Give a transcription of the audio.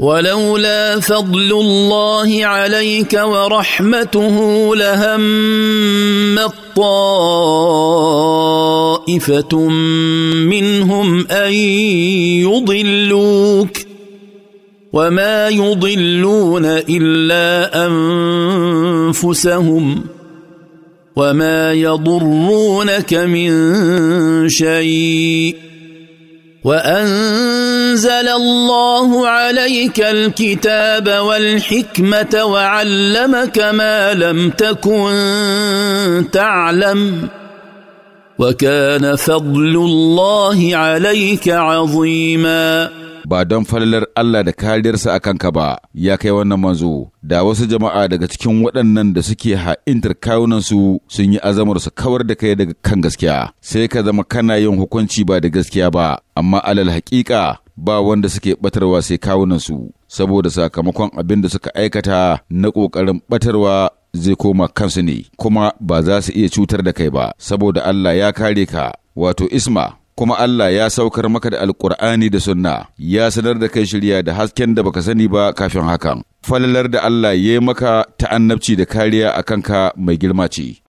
ولولا فضل الله عليك ورحمته لهم طائفة منهم أن يضلوك وما يضلون إلا أنفسهم وما يضرونك من شيء وانزل الله عليك الكتاب والحكمه وعلمك ما لم تكن تعلم وكان فضل الله عليك عظيماً ba don falalar Allah da kariyarsa a kanka ba, ya kai wannan manzo, da wasu jama'a daga cikin waɗannan da suke ha'intar kawunansu sun yi azamar su kawar da kai daga kan gaskiya, sai ka zama kana yin hukunci ba da gaskiya ba, amma alal haƙiƙa ba wanda suke batarwa sai kawunansu, saboda sakamakon abin da suka aikata na ƙoƙarin batarwa zai koma kansu ne, kuma ba za su iya cutar da kai ba, saboda Allah ya kare ka, wato Isma. kuma Allah ya saukar maka da alkur'ani da sunna ya sanar da kai shirya da hasken da baka sani ba kafin hakan falalar da Allah ya yi maka ta'annabci da kariya a kanka mai girma ce